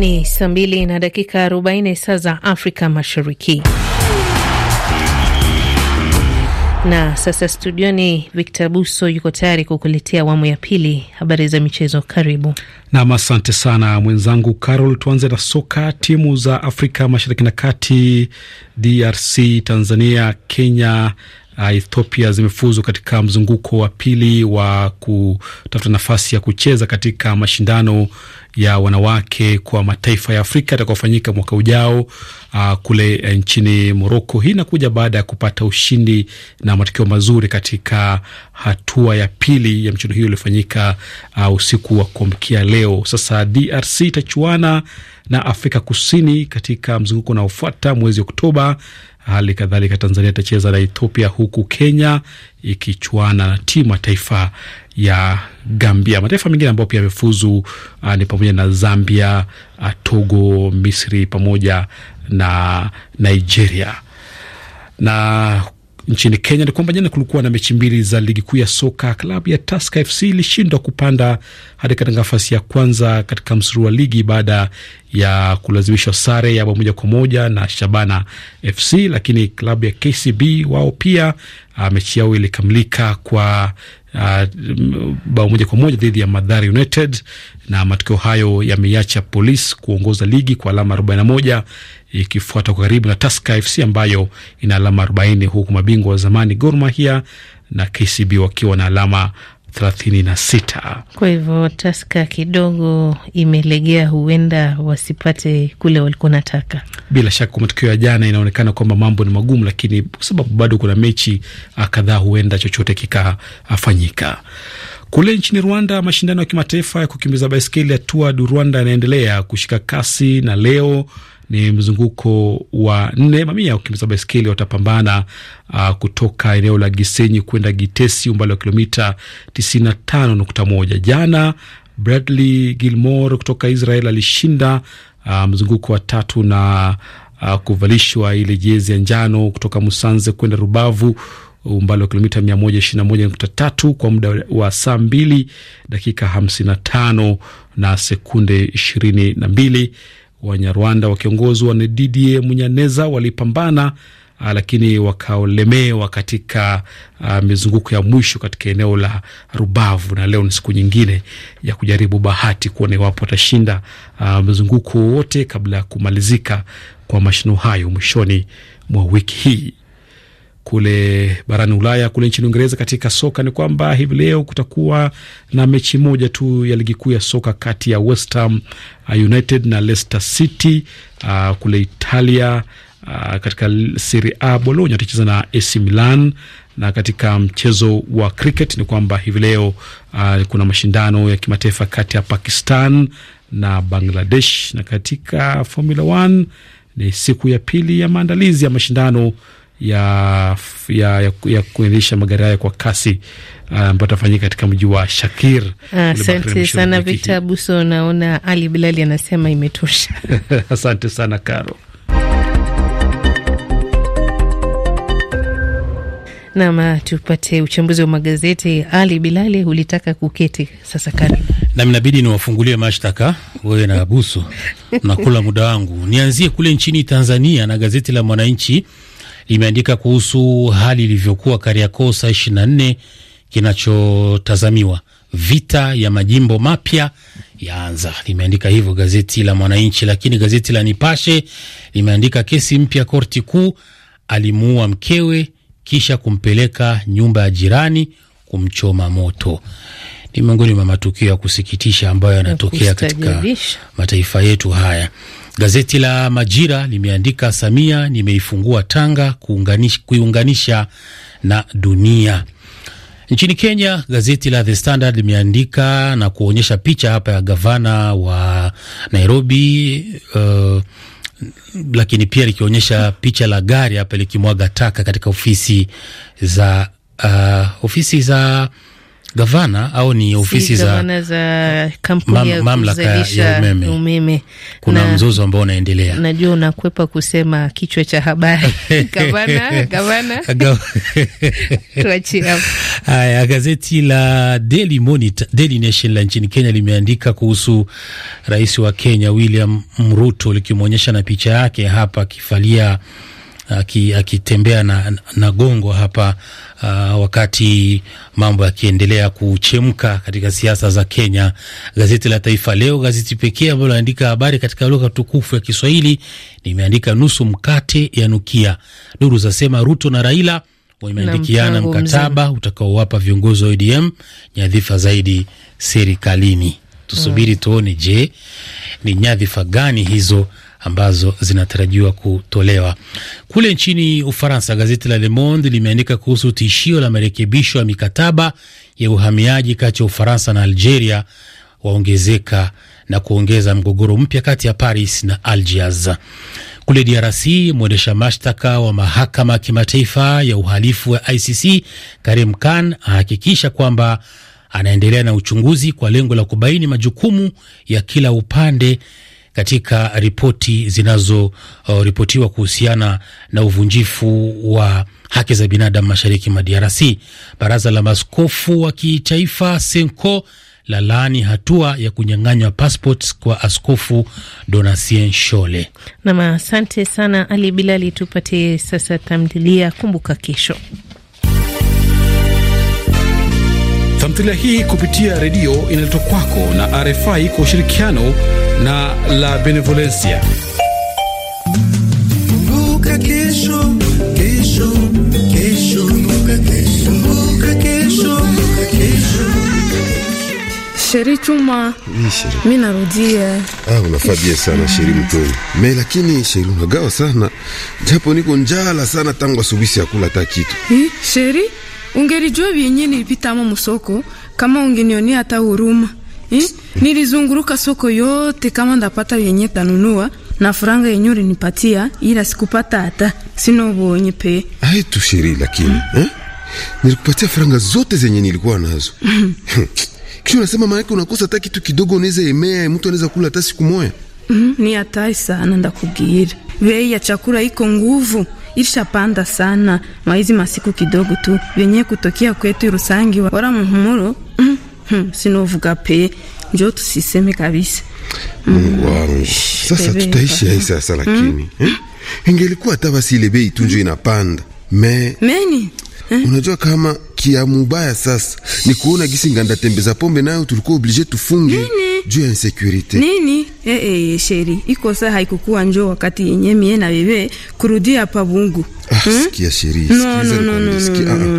Ni saa mbili na dakika 40 saa za Afrika Mashariki. Na sasa studioni Victor Buso yuko tayari kukuletea awamu ya pili habari za michezo. Karibu nam. Asante sana mwenzangu Carol. Tuanze na soka. Timu za Afrika Mashariki na Kati, DRC, Tanzania, Kenya uh, Ethiopia zimefuzu katika mzunguko wa pili wa kutafuta nafasi ya kucheza katika mashindano ya wanawake kwa mataifa ya Afrika atakaofanyika mwaka ujao uh, kule uh, nchini Moroko. Hii inakuja baada ya kupata ushindi na matokeo mazuri katika hatua ya pili ya mchezo hiyo iliyofanyika uh, usiku wa kuamkia leo. Sasa DRC itachuana na Afrika Kusini katika mzunguko unaofuata mwezi Oktoba Hali kadhalika Tanzania itacheza na Ethiopia, huku Kenya ikichuana na timu ya taifa ya Gambia. Mataifa mengine ambayo pia yamefuzu uh, ni pamoja na Zambia, uh, Togo, Misri pamoja na Nigeria na nchini Kenya ni kwamba jana kulikuwa na mechi mbili za ligi kuu ya soka. Klabu ya Tusker FC ilishindwa kupanda hadi katika nafasi ya kwanza katika msururu wa ligi baada ya kulazimishwa sare ya bao moja kwa moja na Shabana FC, lakini klabu ya KCB wao pia uh, mechi yao ilikamilika kwa uh, bao moja kwa moja dhidi ya Madhari United, na matokeo hayo yameiacha polis kuongoza ligi kwa alama 41 ikifuatwa kwa karibu na Taska FC ambayo ina alama 40 huku mabingwa wa zamani Gor Mahia na KCB wakiwa na alama thelathini na sita. Kwa hivyo taska kidogo imelegea, huenda wasipate kule walikuwa nataka. Bila shaka kwa matukio ya jana inaonekana kwamba mambo ni magumu, lakini kwa sababu bado kuna mechi ah, kadhaa, huenda chochote kikafanyika. Kule nchini Rwanda, mashindano ya kimataifa ya kukimbiza baiskeli ya Tour du Rwanda yanaendelea kushika kasi na leo ni mzunguko wa nne. Mamia wakimbiza baiskeli watapambana uh, kutoka eneo la Gisenyi kwenda Gitesi, umbali wa kilomita 95.1. Jana Bradley Gilmore kutoka Israel alishinda uh, mzunguko wa tatu na uh, kuvalishwa ile jezi ya njano kutoka Musanze kwenda Rubavu umbali wa kilomita 121.3 kwa muda wa saa 2 dakika 55 na sekunde 22. Wanyarwanda wakiongozwa na Didier Munyaneza walipambana ah, lakini wakaolemewa katika uh, mizunguko ya mwisho katika eneo la Rubavu, na leo ni siku nyingine ya kujaribu bahati kuona iwapo watashinda uh, ah, mzunguko wowote kabla ya kumalizika kwa mashino hayo mwishoni mwa wiki hii kule barani Ulaya, kule nchini Uingereza katika soka ni kwamba hivi leo kutakuwa na mechi moja tu ya ligi kuu ya soka kati ya West Ham uh, United na Leicester City. Uh, kule Italia uh, katika Serie A Bologna watacheza na AC Milan, na katika mchezo wa cricket ni kwamba hivi leo uh, kuna mashindano ya kimataifa kati ya Pakistan na Bangladesh, na katika Formula 1 ni siku ya pili ya maandalizi ya mashindano ya, ya, ya, ya kuendesha magari haya kwa kasi uh, ambayo uh, atafanyika katika mji wa Shakir. Asante sana Victor Buso. Naona Ali Bilali anasema imetosha. Asante sana Karo. Nam, ah, tupate uchambuzi wa magazeti. Ali Bilali, ulitaka kuketi sasa, karibu nami. Inabidi niwafungulie mashtaka wewe na Abuso, nakula muda wangu. Nianzie kule nchini Tanzania na gazeti la Mwananchi limeandika kuhusu hali ilivyokuwa Kariakoo saa 24 kinachotazamiwa vita ya majimbo mapya yaanza, limeandika hivyo gazeti la Mwananchi. Lakini gazeti la Nipashe limeandika kesi mpya, korti kuu alimuua mkewe kisha kumpeleka nyumba ya jirani kumchoma moto. Ni miongoni mwa matukio ya kusikitisha ambayo yanatokea katika mataifa yetu haya. Gazeti la Majira limeandika Samia, nimeifungua Tanga kuiunganisha na dunia. Nchini Kenya, gazeti la The Standard limeandika na kuonyesha picha hapa ya gavana wa Nairobi uh, lakini pia likionyesha picha la gari hapa likimwaga taka katika ofisi za uh, ofisi za gavana au ni ofisi si, za, za mam, mamlaka ya ya umeme, umeme. Kuna na, mzozo ambao unaendelea. Najua unakwepa kusema kichwa cha habari gavana, gavana. Haya, gazeti la Daily Monitor, Daily Nation la nchini Kenya limeandika kuhusu rais wa Kenya William Ruto likimwonyesha na picha yake hapa akifalia akitembea na, na gongo hapa Uh, wakati mambo yakiendelea kuchemka katika siasa za Kenya, gazeti la Taifa Leo, gazeti pekee ambalo linaandika habari katika lugha tukufu ya Kiswahili, limeandika nusu mkate ya nukia. Duru zasema Ruto na Raila wameandikiana mkataba utakaowapa viongozi wa ODM nyadhifa zaidi serikalini. Tusubiri mm. tuone, je, ni nyadhifa gani hizo ambazo zinatarajiwa kutolewa. Kule nchini Ufaransa, gazeti la Le Monde limeandika kuhusu tishio la marekebisho ya mikataba ya uhamiaji kati ya Ufaransa na Algeria waongezeka na kuongeza mgogoro mpya kati ya Paris na Algiers. Kule DRC, mwendesha mashtaka wa mahakama ya kimataifa ya uhalifu wa ICC Karim Khan ahakikisha kwamba anaendelea na uchunguzi kwa lengo la kubaini majukumu ya kila upande katika ripoti zinazoripotiwa uh, kuhusiana na uvunjifu wa haki za binadamu mashariki mwa DRC. Baraza la maskofu wa Kitaifa Senko laani hatua ya kunyang'anywa passport kwa Askofu Donatien Shole. Nam, asante sana Ali Bilali. Tupate sasa tamthilia Kumbuka Kesho. Tamthilia hii kupitia redio inaletwa kwako na RFI kwa ushirikiano na La Benevolencia. Kumbuka kesho, kesho, kesho, kumbuka kesho, kumbuka kesho, kumbuka kesho. Sheri Chuma, mimi narudia. Ah, unafabia sana Sheri mtoni me, lakini Sheri unagawa sana, japo niko njala sana tangu asubuhi, hakula hata kitu. Sheri Ungelijua vyenye ama musoko kama ungenionea hata huruma eh? Nilizunguruka soko yote kama ndapata vyenye tanunua na franga yenye ulinipatia, ila sikupata hata sino bonye pe. Hai tushiri lakini mm. eh? Nilikupatia franga zote zenye nilikuwa nazo mm. Kisha unasema maana unakosa hata kitu kidogo, unaweza emea mtu anaweza kula hata siku moja mm. Ni hatari sana, ndakugira bei ya chakula iko nguvu irishapanda sana mwaizi masiku kidogo tu venye kutokea kwetu rusangi wara muhumuro mm, -hmm. sinovuga pe njo tusiseme kabisa Mungu mm. wangu, sasa tutaishi hai sasa, mm. lakini eh? Ingelikuwa hata basi ile bei tu njo inapanda me meni eh? Unajua kama kia mubaya sasa ni kuona gisi nganda tembeza pombe nayo tulikuwa oblige tufunge meni juu ya insecurity nini? Eh, eh, sheri iko saa haikukua njoo wakati yenye mie na bebe kurudia hapa bungu Ah, hmm? Sikia sheri, no, no, no, no, sikia hapana ah, ah. no,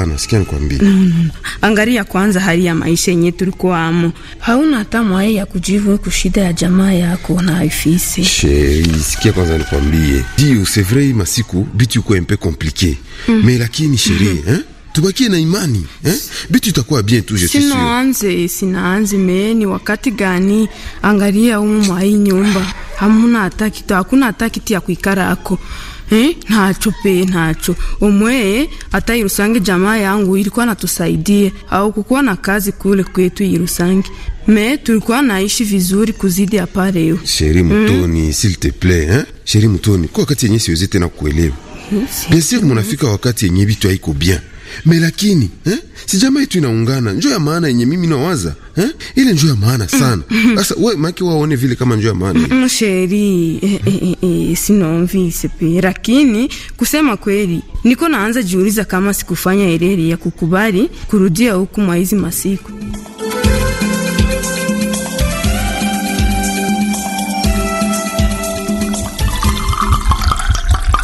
no, no, no. Sikia nikwambie no, no, no. Angalia kwanza hali ya maisha yenye tulikuwa amo, hauna hata mwae ya kujivu kushida ya jamaa yako na ifisi. Sheri, sikia kwanza nikwambie, ndio c'est vrai, masiku bitu kwa mpe peu compliqué hmm. mais lakini sheri mm -hmm. eh tubakie na imani eh? Bitu itakuwa bien tu. Sinaanze sinaanze me ni wakati gani? Angalia umu mwa hii nyumba hamuna hata kitu, hakuna hata kitu ya kuikara ako eh? Nacho pe nacho umwe hata irusange jamaa yangu ilikuwa natusaidie au kukuwa na kazi kule kwetu irusange me tulikuwa naishi vizuri kuzidi hapa leo. Sheri mtoni mm. s'il te plaît hein? Sheri mtoni kwa wakati yenye siwezi tena kukuelewa. Mm, bien sûr, munafika wakati yenye bitu haiko bien lakini eh? si jamaa yetu inaungana, njo ya maana yenye mimi nawaza eh? ile njo ya maana sana. Sasa we make waone vile kama njo ya maana mm, sheri eh, eh, eh, eh, eh sinomvise pe, lakini kusema kweli niko naanza juuliza kama sikufanya ereri ya kukubali kurudia huku mwa hizi masiku.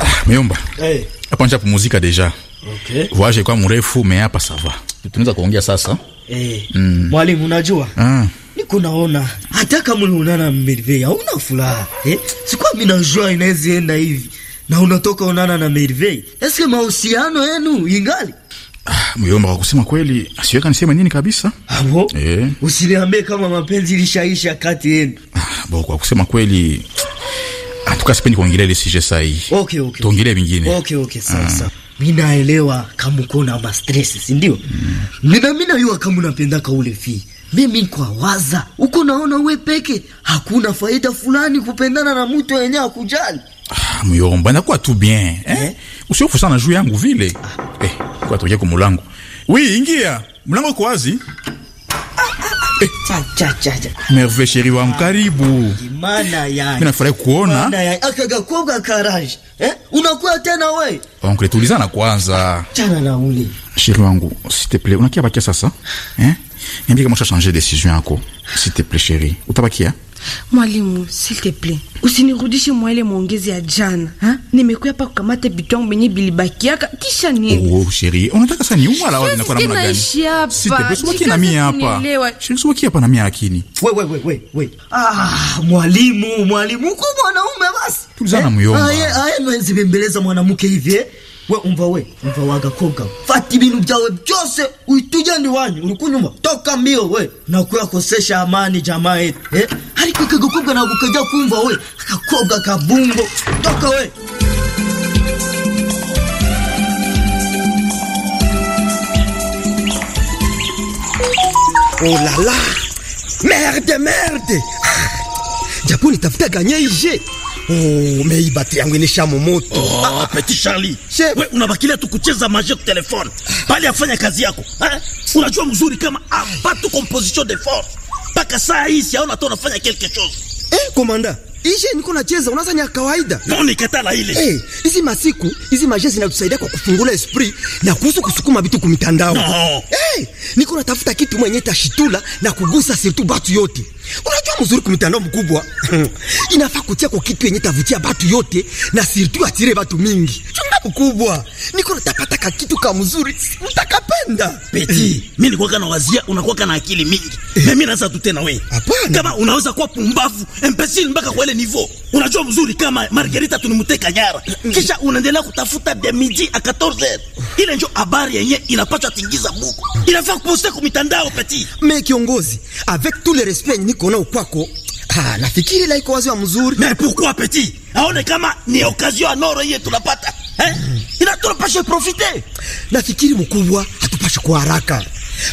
Ah, Miomba hey. Apo deja okay. Voyage kwa mrefu me hapa sava, tunaweza kuongea sasa eh. mm. Mwalimu, unajua ah. Niko naona hata kama unaonana na Merveille hauna furaha eh? Sikuwa mimi najua inaweza enda hivi na unatoka onana na Merveille, eske mahusiano yenu ingali Ah, Muyomba, kwa kusema kweli siweka niseme nini kabisa. Abo? Eh. Usiniambie kama mapenzi ilishaisha kati yenu. Ah, bo, kwa kusema kweli Atuka sipendi kuongelea ile sije sahihi. Okay, okay. Tuongelee vingine. Okay, okay, sawa mm. sawa. naelewa kama uko na ma stress, si ndio? Mm. na mimi najua kama unapenda kaule fi. Mimi kwa waza, uko naona uwe peke, hakuna faida fulani kupendana na mtu yenyewe akujali. Ah, na kwa tu bien, eh? eh? Usiofu sana juu yangu vile. Ah. Eh, kwa toje kwa mulango. Oui, ingia. Mlango uko wazi. Cha, cha, cha, cha. Merve sheri wangu karibu. Mimi nafurahi kuona. Akagakoga karaji. Eh? Unakuwa tena wewe? Onkle tulizana kwanza. Chana na ule. Sheri wangu, s'il te plaît, unakia bakia sasa? Eh? Niambie kama usha decision yako. S'il te plaît, sheri. Utabakia? Mwalimu, s'il te plaît, usinirudishe mwa ile maongezi ya jana ha? pa hapa kukamata bitwangu benye bilibakiaka kisha nini? Oh, oh, sheri, unataka sasa niua wala wala ninakuwa namna gani? S'il te plaît, subaki na mimi hapa. Sheri, subaki hapa na mimi akini. We we we we we. Ah, mwalimu, mwalimu, kwa mwanaume basi. Tulizana eh, moyo. Haya, ah, haya ndio zibembeleza mwanamke hivi eh? we umva we umva wagakobwa fata ibintu byawe byose uhita ugenda iwanyu uri kunyuma toka mbio we nakuyakosesha amani jamaa yetu eh? ariko aka gakobwa ntabwo kajya kumva we akakobwa kabumbo toka we Oh la la! Merde, merde! Ah, tafuta itafuta Umeiba yangu nisha Oh, Petit Charlie. Chef. We unabakilia tu kucheza maje kwa telefone. Bali afanya kazi yako. Eh? Unajua mzuri kama abatu composition de force. Paka saa hii siaona hata unafanya quelque chose. Eh, komanda. Ishe niko nacheza unaanza kawaida. No nikatala ile. Eh, hey, hizi masiku, hizi maje zinatusaidia kwa kufungula esprit na kuhusu kusukuma vitu kumitandao. No. Eh, Hey, niko natafuta kitu mwenye tashitula na kugusa sirtu batu yote. Unajua mzuri kumitandao mkubwa. Inafaa kutia kwa kitu yenye tavutia batu yote na sirtu atire batu mingi mkubwa, niko natapata ka kitu ka mzuri utakapenda. Peti, eh. Mimi niko kana wazia unakuwa kana akili mingi. Eh. Mimi naanza tu tena wewe. Hapana. Kama unaweza kuwa pumbavu, imbecile mpaka kwa ile niveau. Unajua mzuri kama Margarita tunimuteka nyara. Mm. Kisha unaendelea kutafuta de midi a 14h. Ile ndio habari yenye inapata tingiza buku. Ah. Inafaa kuposta kwa mitandao Peti. Mimi kiongozi, avec tout le respect niko nao kwako, Ah, nafikiri laiko wazi wa mzuri. Mais pourquoi Peti? Aone kama ni occasion anoro hiyo tunapata. eh? Ina tunapasha profite. Nafikiri mkubwa hatupashe kuharaka.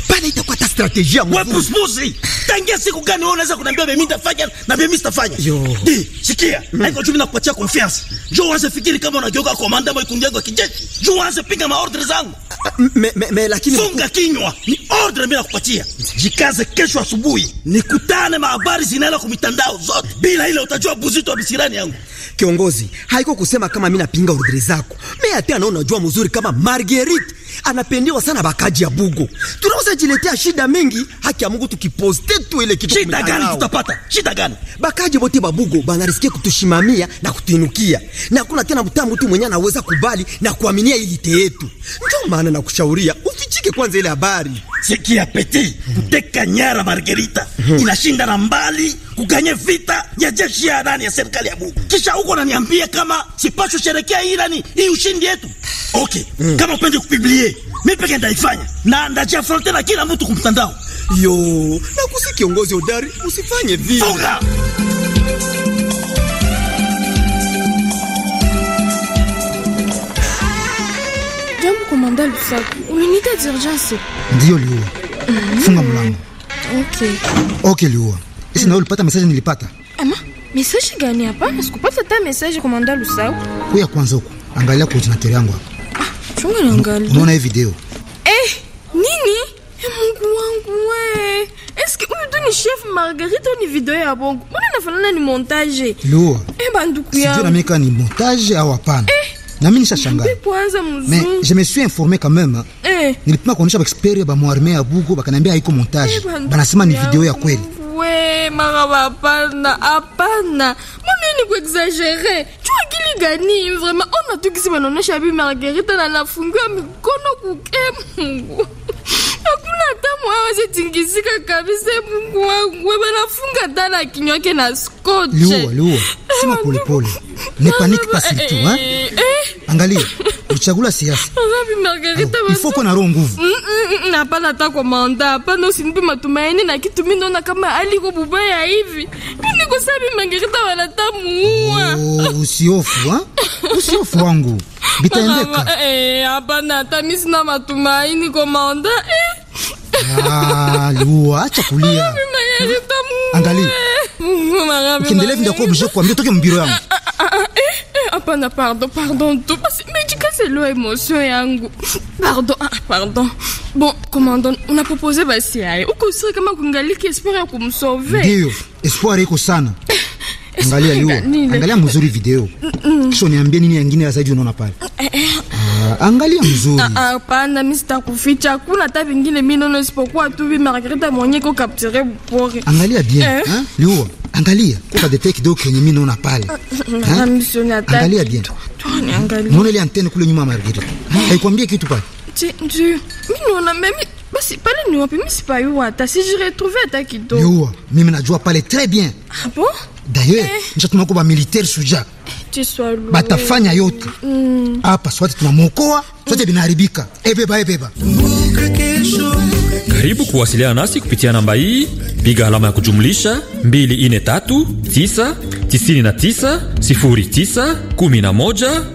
Pale itakuwa strategia mzuri. Wewe puspusi. Tangia siku gani wewe unaweza kuniambia mimi nitafanya na mimi sitafanya? Yo. Di, sikia. Haiko Mm. Haiko chumi na kupatia confiance. Jo uanze fikiri kama unageuka komanda au kungengo kijeshi. Njoo piga ma orders zangu. Ah, ah, me, me, me, lakini funga kinywa. Ni order mimi nakupatia. Jikaze kesho asubuhi nikutane na habari zinaela kwa mitandao zote. Bila ile utajua buzito wa bisirani yangu. Kiongozi, haiko kusema kama mimi napinga orders zako. Mimi hata naona unajua mzuri kama Marguerite anapendewa sana bakaji ya Bugo. Tunaweza jiletea shida mingi, haki ya Mungu tukiposte tu ile kitu. Shida gani tutapata? Shida gani? Bakaji bote bugo banarisikia kutushimamia na kutuinukia, na hakuna tena mtambu tu mwenye anaweza kubali na kuaminia ilite yetu. Ndio maana nakushauria ufichike kwanza ile habari. Sikia peti, kuteka nyara Margarita mhm. inashinda na mbali kuganye vita ya jeshi ya nani ya serikali ya Mungu, kisha huko naniambia kama sipasho sherekea hii nani hii ushindi yetu. Okay, mm. kama upende kupiblie mimi peke ndaifanya na ndaja fronte na kila mtu kumtandao. Yo, na kusi kiongozi hodari, usifanye vile. Funga. Jambo komanda Lusaku, unita d'urgence. Ndio Liua. Mhm. Funga mlango. Okay. Okay Liua. Isi na ulipata message nilipata. Ama, message gani hapa? Sikupata hata message komanda Lusau. Kuya kwanza huko. Angalia kwa ordinateur yangu hapa. Ah, chunga naangalia. Unaona hii video? Eh, nini? Eh, Mungu wangu we. Eske eh, huyu tu ni chef Margarita ni video ya bongo. Mbona nafanana ni montage? Lua. Eh, banduku yangu. Sijui na mika ni montage au hapana. Eh, nami nishashangaa mais je me suis informé quand même eh. Nilipima kuonyesha baexperi ya bamwarme ya bugo, bakaniambia haiko montage, eh, banasema ni video ya kweli we mara wapana, hapana. Mbona kuexagere? Chua akili gani vraiment? Ona tu kisi Bi Margarita na nafungiwa mikono kuke hata mwawezi tingizika kabisa. Mungu wangu, wewe nafunga dala kinyoke na scotch. Liua, liua. Sema eh, pole eh, pole. Eh, ne panique pas surtout, hein? Angalia, uchagula siasa. Rabi Margarita, basi. Ifoko na roho nguvu. Mm, mm, mm, na pala hata kwa maonda, hapana usinipe matumaini na kitu mimi naona kama hali iko bubaya hivi. Mimi kwa sababu Margarita wanatamuua. Oh, usiofu, ha? Usiofu wangu. Bitaendeka. Eh, hapana, hata mimi sina matumaini kwa maonda. Eh. Alua, acha kulia. Angalia. Ukiendelea vile kwa objet kuambia toke mbiro yangu. Ah, ah, ah, eh, eh, hapana, pardon, pardon. Tu basi mejika selo emotion yangu. Pardon, ah, pardon. Bon, commandant, on a proposé basi yaye. Uko sio kama kungaliki espoir ya kumsauver. Ndio, espoir iko sana. Angalia leo. Angalia mzuri video. Mm, mm. Kisha niambie nini nyingine zaidi unaona pale. Eh, eh. Ah, angalia mzuri. Ah, ah, hapana, mimi sitakuficha. Kuna hata vingine mimi naona isipokuwa tu bi Margarita mwenye ko capturer pore. Angalia bien, eh? Hein? Angalia, kuka dete kidogo kwenye mimi naona pale. Ah, angalia bien. Tuone ile antene kule nyuma Margarita. Eh. Haikwambie kitu pale. Mimi naona mimi basi pale ni wapi? Mimi sipayua hata, si je hata kidogo. Liwa, mimi najua pale très bien. Ah bon? D'ailleurs, eh, nishatuma kwa militaire suja batafanya yote mm. Hapa swati tunamuokoa swati binaharibika. Ebeba eh, ebeba. Eh, Karibu kuwasiliana nasi kupitia namba hii, piga alama ya kujumlisha 243 999 09 11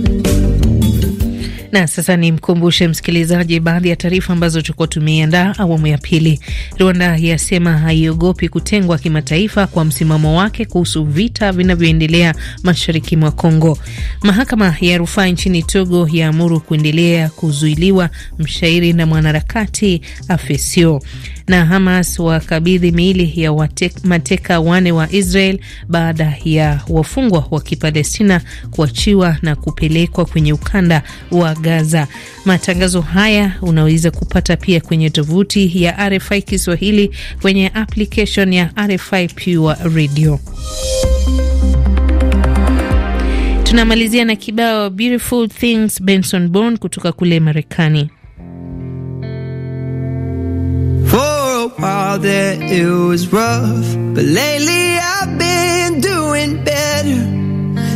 Na sasa mkumbushe msikilizaji baadhi ya taarifa ambazo tulikuwa tumeiandaa awamu ya pili. Rwanda yasema haiogopi kutengwa kimataifa kwa msimamo wake kuhusu vita vinavyoendelea mashariki mwa Kongo. Mahakama ya rufaa nchini Togo yaamuru kuendelea kuzuiliwa mshairi na mwanaharakati Afesio. Na Hamas wakabidhi miili ya watek, mateka wane wa Israel baada ya wafungwa wa Kipalestina kuachiwa na kupelekwa kwenye ukanda wa Gaza. Matangazo haya unaweza kupata pia kwenye tovuti ya RFI Kiswahili kwenye application ya RFI Pure Radio. Tunamalizia na kibao Beautiful Things Benson Bourne kutoka kule Marekani. while there it was rough, but lately I've been doing better.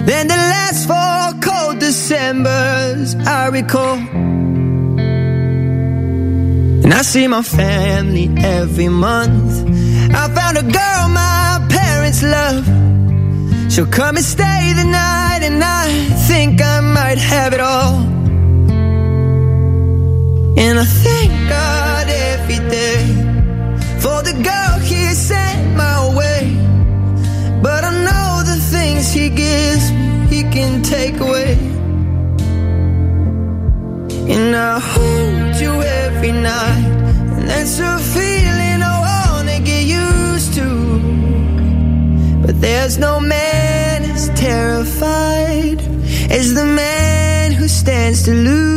than the last four cold Decembers I recall. And I see my family every month. I found a girl my parents love. She'll come and stay the night, and I think I might have it all. And I thank God every day for the girl He sent my way. But I know the things He gives take away. And I hold you every night, and that's a feeling I wanna get used to. But there's no man as terrified as the man who stands to lose.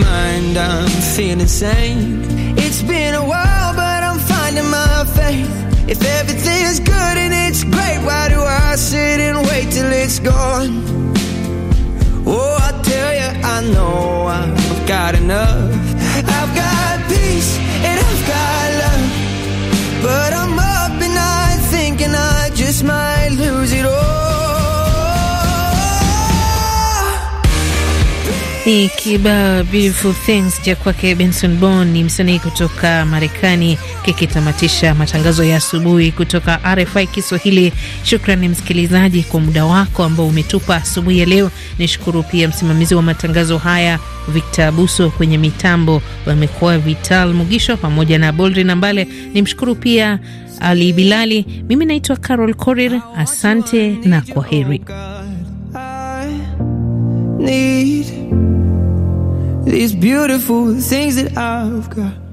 mind, I'm feeling sane. It's been a while, but I'm finding my faith. If everything's good and it's great, why do I sit and wait till it's gone? Oh, I tell you, I know I've got enough. Ni kibao beautiful things cha kwake Benson Bon, ni msanii kutoka Marekani, kikitamatisha matangazo ya asubuhi kutoka RFI Kiswahili. Shukrani msikilizaji kwa muda wako ambao umetupa asubuhi ya leo. Nishukuru pia msimamizi wa matangazo haya Victor Abuso, kwenye mitambo wamekuwa Vital Mugisho pamoja na Boldri Nambale. Nimshukuru pia Ali Bilali. Mimi naitwa Carol Korir, asante na kwa heri. these beautiful things that I've got.